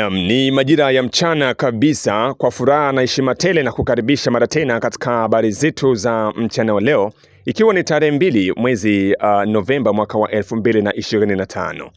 Nam, ni majira ya mchana kabisa. Kwa furaha na heshima tele na kukaribisha mara tena katika habari zetu za mchana wa leo, ikiwa ni tarehe mbili mwezi uh, Novemba mwaka wa 2025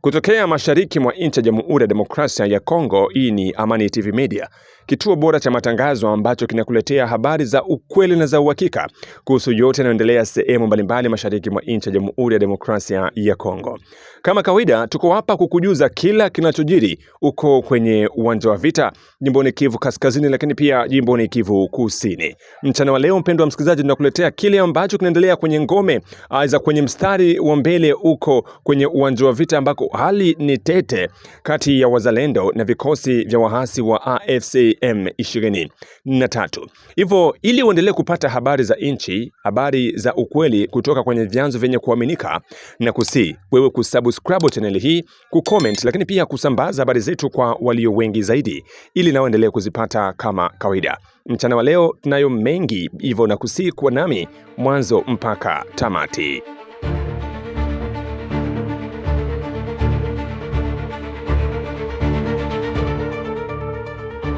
kutokea mashariki mwa nchi ya Jamhuri ya Demokrasia ya Kongo. Hii ni Amani TV Media kituo bora cha matangazo ambacho kinakuletea habari za ukweli na za uhakika kuhusu yote yanayoendelea sehemu mbalimbali mashariki mwa nchi ya Jamhuri ya Demokrasia ya Kongo. Kama kawaida, tuko hapa kukujuza kila kinachojiri uko kwenye uwanja wa vita jimboni Kivu Kaskazini, lakini pia jimboni Kivu Kusini. Mchana wa leo, mpendwa msikilizaji, tunakuletea kile ambacho kinaendelea kwenye ngome za kwenye mstari wa mbele uko kwenye uwanja wa vita ambako hali ni tete kati ya wazalendo na vikosi vya waasi wa AFC M23. Hivyo ili uendelee kupata habari za nchi, habari za ukweli kutoka kwenye vyanzo vyenye kuaminika, na kusi wewe kusubscribe channel hii, kucomment, lakini pia kusambaza habari zetu kwa walio wengi zaidi, ili nao endelee kuzipata kama kawaida. Mchana wa leo tunayo mengi, hivyo na kusi kuwa nami mwanzo mpaka tamati.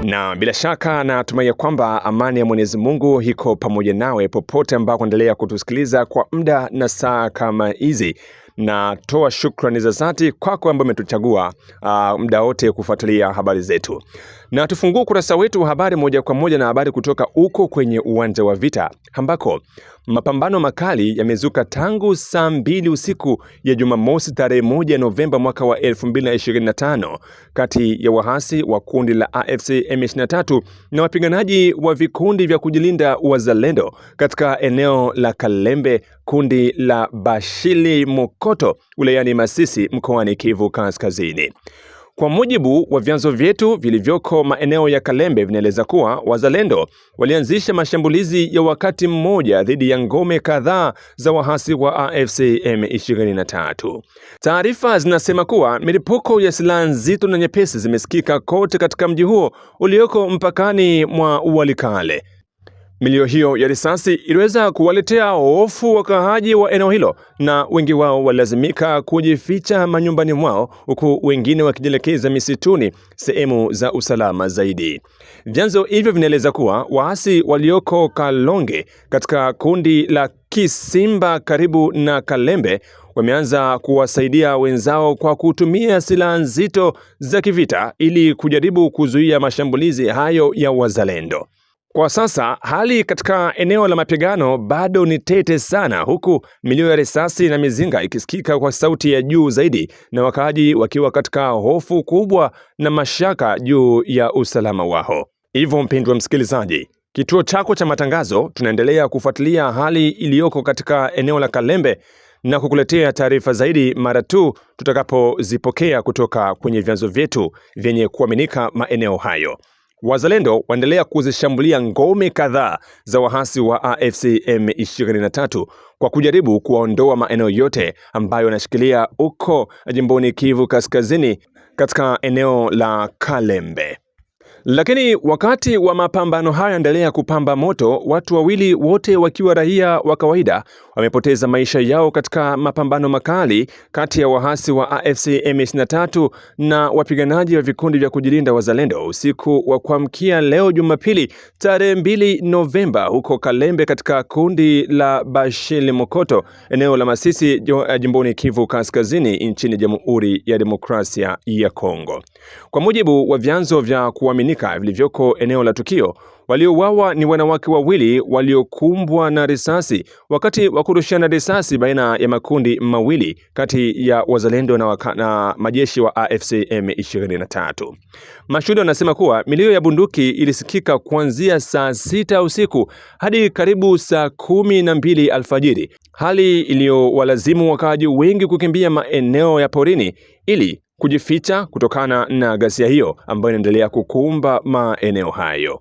Na bila shaka natumai ya kwamba amani ya Mwenyezi Mungu iko pamoja nawe popote ambako endelea kutusikiliza kwa muda na saa kama hizi. Natoa shukrani za dhati kwako ambaye umetuchagua uh, muda wote kufuatilia habari zetu, na tufungue ukurasa wetu wa habari moja kwa moja na habari kutoka huko kwenye uwanja wa vita ambako mapambano makali yamezuka tangu saa mbili usiku ya Jumamosi tarehe moja Novemba mwaka wa 2025 kati ya waasi wa kundi la AFC M23 na wapiganaji wa vikundi vya kujilinda wazalendo katika eneo la Kalembe kundi la Bashili Mokoto wilayani Masisi mkoani Kivu Kaskazini. Kwa mujibu wa vyanzo vyetu vilivyoko maeneo ya Kalembe vinaeleza kuwa wazalendo walianzisha mashambulizi ya wakati mmoja dhidi ya ngome kadhaa za waasi wa AFC M23. Taarifa zinasema kuwa milipuko ya silaha nzito na nyepesi zimesikika kote katika mji huo ulioko mpakani mwa Walikale. Milio hiyo ya risasi iliweza kuwaletea hofu wakaaji wa eneo hilo, na wengi wao walilazimika kujificha manyumbani mwao, huku wengine wakijielekeza misituni, sehemu za usalama zaidi. Vyanzo hivyo vinaeleza kuwa waasi walioko Kalonge katika kundi la Kisimba karibu na Kalembe wameanza kuwasaidia wenzao kwa kutumia silaha nzito za kivita ili kujaribu kuzuia mashambulizi hayo ya wazalendo. Kwa sasa hali katika eneo la mapigano bado ni tete sana, huku milio ya risasi na mizinga ikisikika kwa sauti ya juu zaidi, na wakaaji wakiwa katika hofu kubwa na mashaka juu ya usalama wao. Hivyo mpendwa msikilizaji, kituo chako cha matangazo, tunaendelea kufuatilia hali iliyoko katika eneo la Kalembe na kukuletea taarifa zaidi mara tu tutakapozipokea kutoka kwenye vyanzo vyetu vyenye kuaminika maeneo hayo. Wazalendo waendelea kuzishambulia ngome kadhaa za waasi wa AFC M23 kwa kujaribu kuwaondoa maeneo yote ambayo yanashikilia huko jimboni Kivu Kaskazini katika eneo la Kalembe. Lakini wakati wa mapambano haya endelea kupamba moto, watu wawili wote wakiwa raia wa kawaida wamepoteza maisha yao katika mapambano makali kati ya waasi wa AFC M23 na wapiganaji wa vikundi vya kujilinda Wazalendo usiku wa kuamkia leo Jumapili tarehe 2 Novemba huko Kalembe katika kundi la Bashili Mokoto eneo la Masisi eh, jimboni Kivu Kaskazini nchini Jamhuri ya Demokrasia ya Kongo. Kwa mujibu wa vyanzo vya kuamini kuaminika vilivyoko eneo la tukio. Waliouawa ni wanawake wawili waliokumbwa na risasi wakati wa kurushana risasi baina ya makundi mawili kati ya wazalendo na, waka, na majeshi wa AFC M23. Mashuhuda wanasema kuwa milio ya bunduki ilisikika kuanzia saa sita usiku hadi karibu saa kumi na mbili alfajiri, hali iliyowalazimu wakaaji wengi kukimbia maeneo ya porini ili kujificha kutokana na ghasia hiyo ambayo inaendelea kukumba maeneo hayo.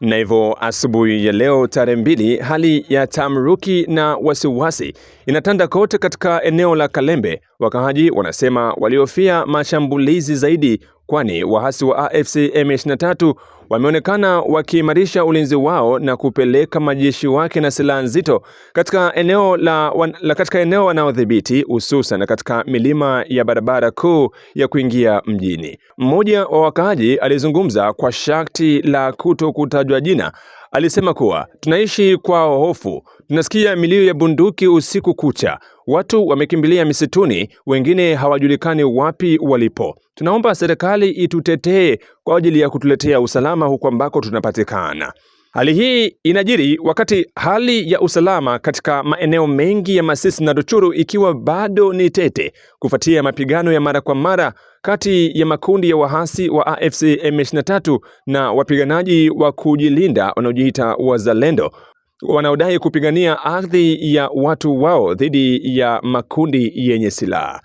Na hivyo asubuhi ya leo tarehe mbili, hali ya tamruki na wasiwasi inatanda kote katika eneo la Kalembe. Wakaaji wanasema waliofia mashambulizi zaidi, kwani waasi wa AFC M23 wameonekana wakiimarisha ulinzi wao na kupeleka majeshi wake na silaha nzito katika eneo la, wan, la katika eneo wanaodhibiti hususan katika milima ya barabara kuu ya kuingia mjini. Mmoja wa wakaaji alizungumza kwa sharti la kuto kutajwa jina. Alisema kuwa tunaishi kwa hofu Tunasikia milio ya bunduki usiku kucha, watu wamekimbilia misituni, wengine hawajulikani wapi walipo. Tunaomba serikali itutetee kwa ajili ya kutuletea usalama huko ambako tunapatikana. Hali hii inajiri wakati hali ya usalama katika maeneo mengi ya Masisi na Ruchuru ikiwa bado ni tete kufuatia mapigano ya mara kwa mara kati ya makundi ya wahasi wa AFC M23 na wapiganaji wa kujilinda wanaojiita wazalendo wanaodai kupigania ardhi ya watu wao dhidi ya makundi yenye silaha.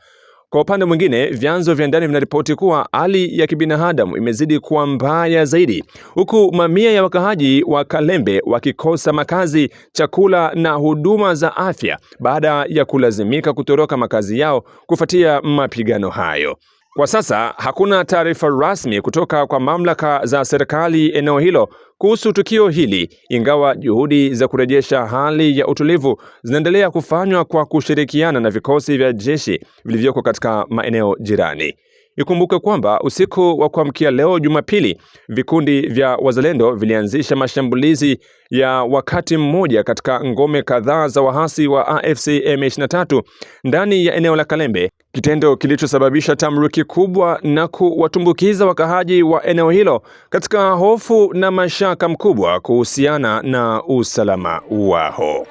Kwa upande mwingine, vyanzo vya ndani vinaripoti kuwa hali ya kibinadamu imezidi kuwa mbaya zaidi, huku mamia ya wakaaji wa Kalembe wakikosa makazi, chakula na huduma za afya baada ya kulazimika kutoroka makazi yao kufuatia mapigano hayo. Kwa sasa hakuna taarifa rasmi kutoka kwa mamlaka za serikali eneo hilo kuhusu tukio hili, ingawa juhudi za kurejesha hali ya utulivu zinaendelea kufanywa kwa kushirikiana na vikosi vya jeshi vilivyoko katika maeneo jirani. Ikumbuke kwamba usiku wa kuamkia leo Jumapili, vikundi vya wazalendo vilianzisha mashambulizi ya wakati mmoja katika ngome kadhaa za waasi wa AFC M23 ndani ya eneo la Kalembe, kitendo kilichosababisha tamruki kubwa na kuwatumbukiza wakahaji wa eneo hilo katika hofu na mashaka mkubwa kuhusiana na usalama wao.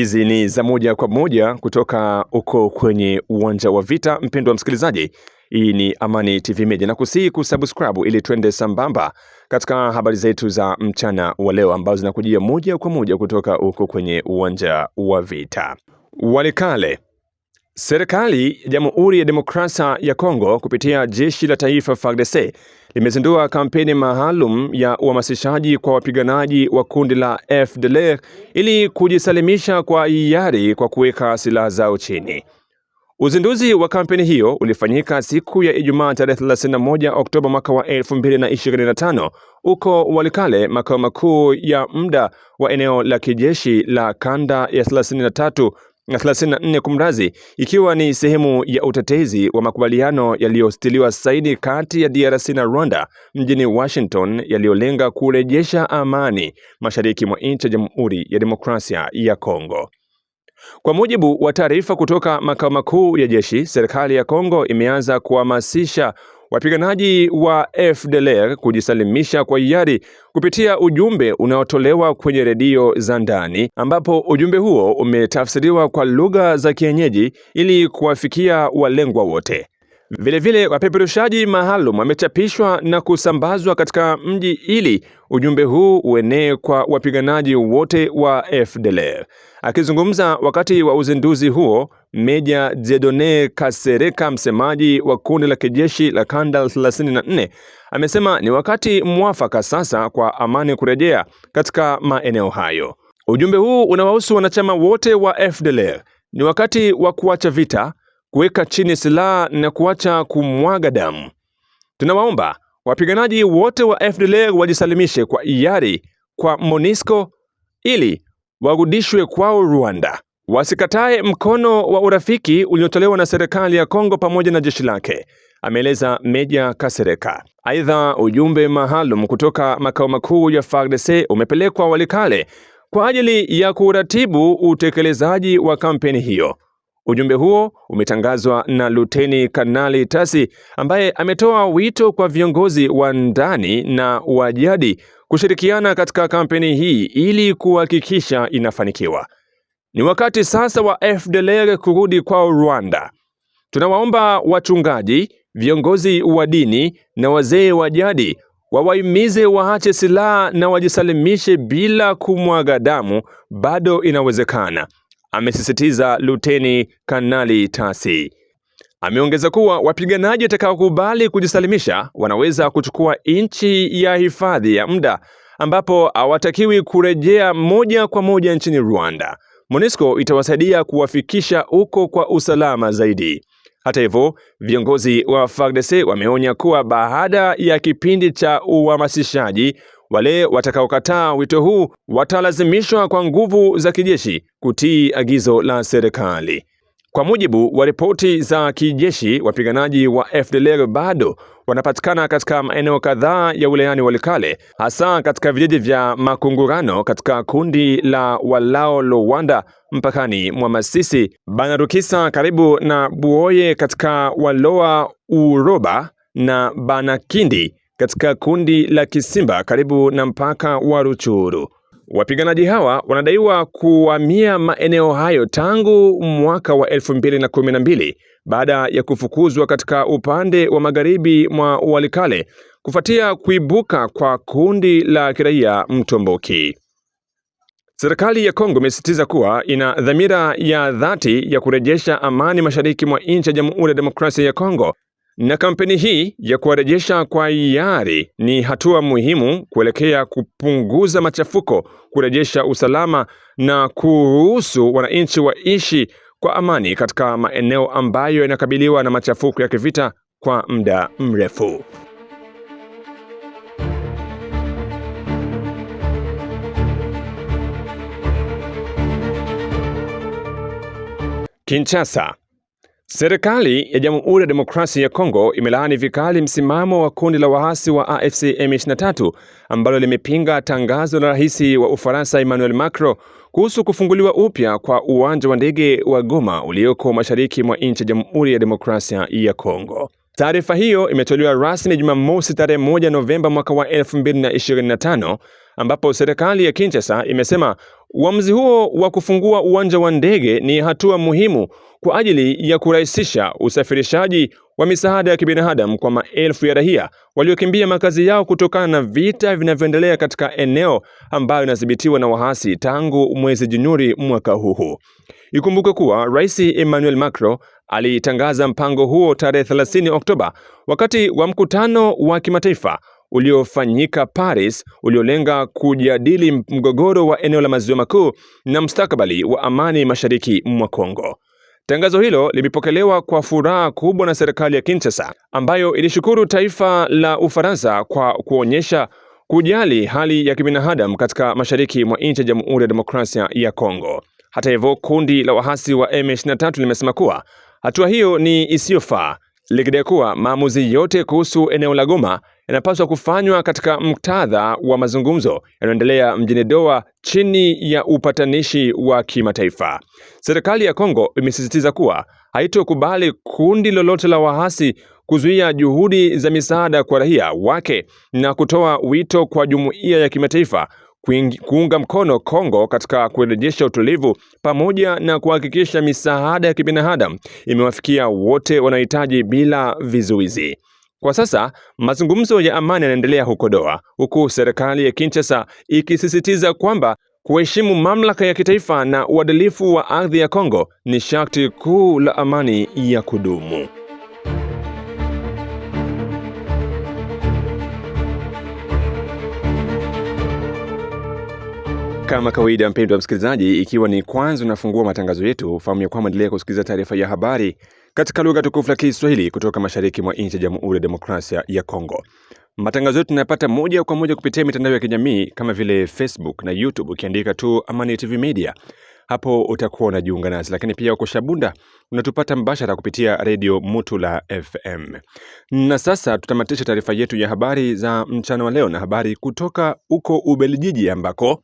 hizi ni za moja kwa moja kutoka huko kwenye uwanja wa vita. Mpendwa msikilizaji, hii ni Amani TV Media na kusihi kusubscribe ili tuende sambamba katika habari zetu za mchana wa leo ambazo zinakujia moja kwa moja kutoka huko kwenye uwanja wa vita. Walikale, serikali ya Jamhuri ya Demokrasia ya Kongo kupitia jeshi la taifa FARDC limezindua kampeni maalum ya uhamasishaji kwa wapiganaji wa kundi la FDLR ili kujisalimisha kwa hiari kwa kuweka silaha zao chini. Uzinduzi wa kampeni hiyo ulifanyika siku ya Ijumaa tarehe 31 Oktoba mwaka wa 2025 huko Walikale, makao makuu ya muda wa eneo la kijeshi la kanda ya 33 na 34 kumrazi, ikiwa ni sehemu ya utetezi wa makubaliano yaliyostiliwa saini kati ya DRC na Rwanda mjini Washington yaliyolenga kurejesha amani mashariki mwa nchi ya Jamhuri ya Demokrasia ya Kongo. Kwa mujibu wa taarifa kutoka makao makuu ya jeshi, serikali ya Kongo imeanza kuhamasisha wapiganaji wa FDLR kujisalimisha kwa hiari kupitia ujumbe unaotolewa kwenye redio za ndani, ambapo ujumbe huo umetafsiriwa kwa lugha za kienyeji ili kuwafikia walengwa wote. Vilevile wapeperushaji maalum wamechapishwa na kusambazwa katika mji ili ujumbe huu uenee kwa wapiganaji wote wa FDLR. Akizungumza wakati wa uzinduzi huo, Meja Jedone Kasereka, msemaji wa kundi la kijeshi la kanda 34, amesema ni wakati mwafaka sasa kwa amani kurejea katika maeneo hayo. Ujumbe huu unawahusu wanachama wote wa FDLR. Ni wakati wa kuacha vita, kuweka chini silaha na kuacha kumwaga damu. Tunawaomba wapiganaji wote wa FDLR wajisalimishe kwa hiari kwa monisco ili warudishwe kwao Rwanda, wasikatae mkono wa urafiki uliotolewa na serikali ya Kongo pamoja na jeshi lake, ameeleza Meja Kasereka. Aidha, ujumbe maalum kutoka makao makuu ya FARDC umepelekwa Walikale kwa ajili ya kuratibu utekelezaji wa kampeni hiyo. Ujumbe huo umetangazwa na Luteni Kanali Tasi ambaye ametoa wito kwa viongozi wa ndani na wajadi kushirikiana katika kampeni hii ili kuhakikisha inafanikiwa. Ni wakati sasa wa FDLR kurudi kwao Rwanda. Tunawaomba wachungaji, viongozi wa dini na wazee wa jadi wawahimize waache silaha na wajisalimishe bila kumwaga damu, bado inawezekana, amesisitiza Luteni Kanali Tasi. Ameongeza kuwa wapiganaji watakaokubali kujisalimisha wanaweza kuchukua nchi ya hifadhi ya muda ambapo hawatakiwi kurejea moja kwa moja nchini Rwanda. MONUSCO itawasaidia kuwafikisha huko kwa usalama zaidi. Hata hivyo, viongozi wa FARDC wameonya kuwa baada ya kipindi cha uhamasishaji, wale watakaokataa wito huu watalazimishwa kwa nguvu za kijeshi kutii agizo la serikali. Kwa mujibu wa ripoti za kijeshi, wapiganaji wa FDLR bado wanapatikana katika maeneo kadhaa ya wilayani Walikale, hasa katika vijiji vya Makungurano katika kundi la Walao Lowanda mpakani mwa Masisi, Banarukisa karibu na Buoye katika Waloa Uroba na Banakindi katika kundi la Kisimba karibu na mpaka wa Ruchuru. Wapiganaji hawa wanadaiwa kuhamia maeneo hayo tangu mwaka wa elfu mbili na kumi na mbili baada ya kufukuzwa katika upande wa magharibi mwa Walikale kufuatia kuibuka kwa kundi la kiraia Mtomboki. Serikali ya Kongo imesisitiza kuwa ina dhamira ya dhati ya kurejesha amani mashariki mwa nchi ya Jamhuri ya Demokrasia ya Kongo na kampeni hii ya kuwarejesha kwa hiari ni hatua muhimu kuelekea kupunguza machafuko, kurejesha usalama na kuruhusu wananchi waishi kwa amani katika maeneo ambayo yanakabiliwa na machafuko ya kivita kwa muda mrefu. Kinshasa Serikali ya Jamhuri ya Demokrasia ya Kongo imelaani vikali msimamo wa kundi la waasi wa AFC M23 ambalo limepinga tangazo la Rais wa Ufaransa Emmanuel Macron kuhusu kufunguliwa upya kwa uwanja wa ndege wa Goma ulioko mashariki mwa nchi ya Jamhuri ya Demokrasia ya Kongo. Taarifa hiyo imetolewa rasmi Jumamosi tarehe moja Novemba mwaka wa 2025 ambapo serikali ya Kinshasa imesema Uamuzi huo wa kufungua uwanja wa ndege ni hatua muhimu kwa ajili ya kurahisisha usafirishaji wa misaada ya kibinadamu kwa maelfu ya raia waliokimbia makazi yao kutokana na vita vinavyoendelea katika eneo ambayo inadhibitiwa na waasi tangu mwezi Januari mwaka huu. Ikumbuke kuwa Rais Emmanuel Macron alitangaza mpango huo tarehe 30 Oktoba wakati wa mkutano wa kimataifa uliofanyika Paris uliolenga kujadili mgogoro wa eneo la maziwa makuu na mustakabali wa amani mashariki mwa Kongo. Tangazo hilo limepokelewa kwa furaha kubwa na serikali ya Kinshasa ambayo ilishukuru taifa la Ufaransa kwa kuonyesha kujali hali ya kibinadamu katika mashariki mwa nchi ya Jamhuri ya Demokrasia ya Kongo. Hata hivyo, kundi la waasi wa M23 limesema kuwa hatua hiyo ni isiyofaa likidai kuwa maamuzi yote kuhusu eneo la Goma yanapaswa kufanywa katika muktadha wa mazungumzo yanayoendelea mjini Doha chini ya upatanishi wa kimataifa. Serikali ya Kongo imesisitiza kuwa haitokubali kundi lolote la waasi kuzuia juhudi za misaada kwa raia wake na kutoa wito kwa jumuiya ya kimataifa kuunga mkono Kongo katika kurejesha utulivu pamoja na kuhakikisha misaada ya kibinadamu imewafikia wote wanaohitaji bila vizuizi. Kwa sasa mazungumzo ya amani yanaendelea huko Doha, huku serikali ya Kinshasa ikisisitiza kwamba kuheshimu mamlaka ya kitaifa na uadilifu wa ardhi ya Kongo ni sharti kuu la amani ya kudumu. Kama kawaida, mpendwa msikilizaji, ikiwa ni kwanza unafungua matangazo yetu, fahamu ya kwamba endelea kusikiliza taarifa ya habari katika lugha tukufu la Kiswahili kutoka mashariki mwa nchi ya Jamhuri ya Demokrasia ya Kongo. Matangazo yetu tunayapata moja kwa moja kupitia mitandao ya kijamii kama vile Facebook na YouTube, ukiandika tu Amani TV Media hapo utakuwa unajiunga nasi, lakini pia uko Shabunda unatupata mbashara kupitia redio Mutula FM. Na sasa tutamatisha taarifa yetu ya habari za mchana wa leo na habari kutoka huko Ubelgiji ambako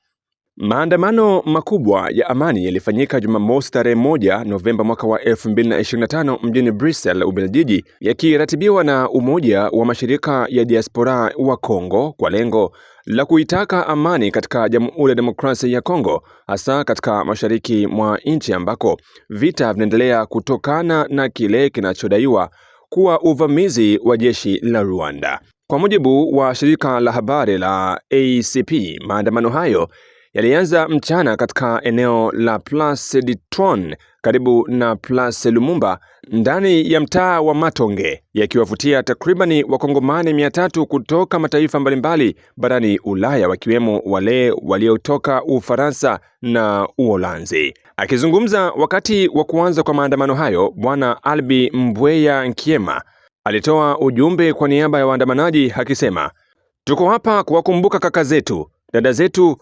Maandamano makubwa ya amani yalifanyika Jumamosi tarehe moja Novemba mwaka wa 2025 mjini Brussels, Ubelgiji, yakiratibiwa na Umoja wa Mashirika ya Diaspora wa Kongo kwa lengo la kuitaka amani katika Jamhuri ya Demokrasia ya Kongo, hasa katika mashariki mwa nchi ambako vita vinaendelea kutokana na kile kinachodaiwa kuwa uvamizi wa jeshi la Rwanda. Kwa mujibu wa shirika la habari la ACP, maandamano hayo yalianza mchana katika eneo la Place de Trône karibu na Place Lumumba ndani ya mtaa wa Matonge, yakiwavutia takribani wakongomani mia tatu kutoka mataifa mbalimbali barani Ulaya, wakiwemo wale waliotoka Ufaransa na Uholanzi. Akizungumza wakati wa kuanza kwa maandamano hayo, Bwana Albi Mbweya Nkiema alitoa ujumbe kwa niaba ya waandamanaji akisema, tuko hapa kuwakumbuka kaka zetu, dada zetu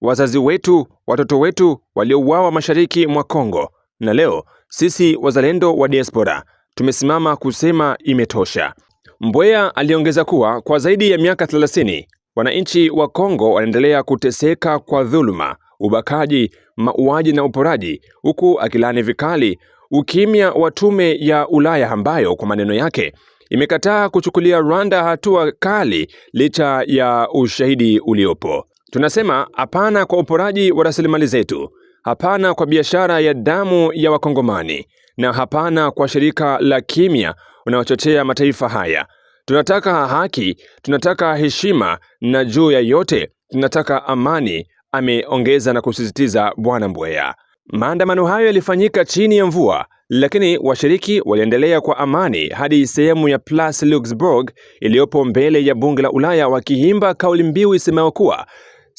wazazi wetu, watoto wetu waliouawa mashariki mwa Kongo, na leo sisi wazalendo wa diaspora tumesimama kusema imetosha. Mbweya aliongeza kuwa kwa zaidi ya miaka 30 wananchi wa Kongo wanaendelea kuteseka kwa dhuluma, ubakaji, mauaji na uporaji, huku akilani vikali ukimya wa tume ya Ulaya ambayo kwa maneno yake imekataa kuchukulia Rwanda hatua kali licha ya ushahidi uliopo. Tunasema hapana kwa uporaji wa rasilimali zetu, hapana kwa biashara ya damu ya Wakongomani na hapana kwa shirika la kimya unaochochea mataifa haya. Tunataka haki, tunataka heshima na juu ya yote tunataka amani, ameongeza na kusisitiza Bwana mbweya Maandamano hayo yalifanyika chini ya mvua, lakini washiriki waliendelea kwa amani hadi sehemu ya Place Luxembourg iliyopo mbele ya bunge la Ulaya wakiimba kauli mbiu isemao kuwa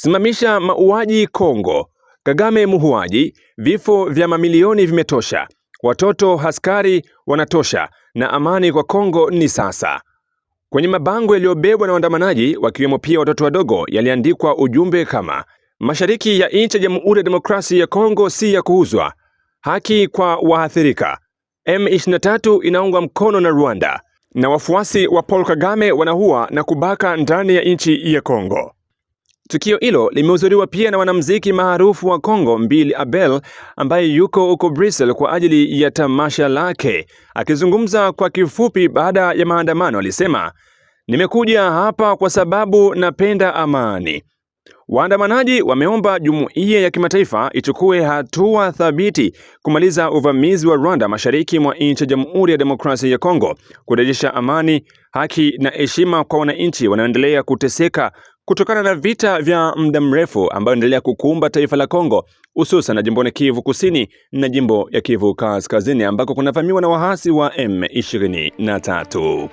Simamisha mauaji Kongo, Kagame muuaji, vifo vya mamilioni vimetosha, watoto askari wanatosha, na amani kwa Kongo ni sasa. Kwenye mabango yaliyobebwa na waandamanaji, wakiwemo pia watoto wadogo, yaliandikwa ujumbe kama mashariki ya nchi ya Jamhuri ya Demokrasia ya Kongo si ya kuuzwa, haki kwa waathirika, M23 inaungwa mkono na Rwanda, na wafuasi wa Paul Kagame wanaua na kubaka ndani ya nchi ya Kongo. Tukio hilo limehudhuriwa pia na wanamziki maarufu wa Kongo Mbili Abel ambaye yuko huko Brussels kwa ajili ya tamasha lake. Akizungumza kwa kifupi baada ya maandamano, alisema nimekuja hapa kwa sababu napenda amani. Waandamanaji wameomba jumuiya ya kimataifa ichukue hatua thabiti kumaliza uvamizi wa Rwanda mashariki mwa nchi ya Jamhuri ya Demokrasia ya Kongo, kurejesha amani, haki na heshima kwa wananchi wanaoendelea kuteseka Kutokana na vita vya muda mrefu ambayo endelea kukumba taifa la Kongo hususan na jimboni Kivu Kusini na jimbo ya Kivu Kaskazini ambako kunavamiwa na waasi wa M23.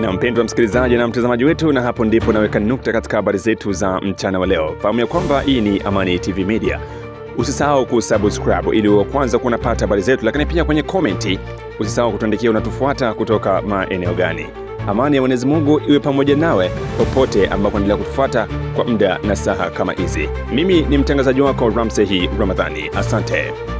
Na mpendwa msikilizaji na mtazamaji wetu, na hapo ndipo naweka nukta katika habari zetu za mchana wa leo. Fahamu ya kwamba hii ni Amani TV Media. Usisahau kusubscribe ili uwe kwanza kunapata habari zetu, lakini pia kwenye komenti usisahau kutuandikia unatufuata kutoka maeneo gani. Amani ya Mwenyezi Mungu iwe pamoja nawe popote ambapo endelea kutufuata kwa muda na saha kama hizi. Mimi ni mtangazaji wako ramsehi Ramadhani, asante.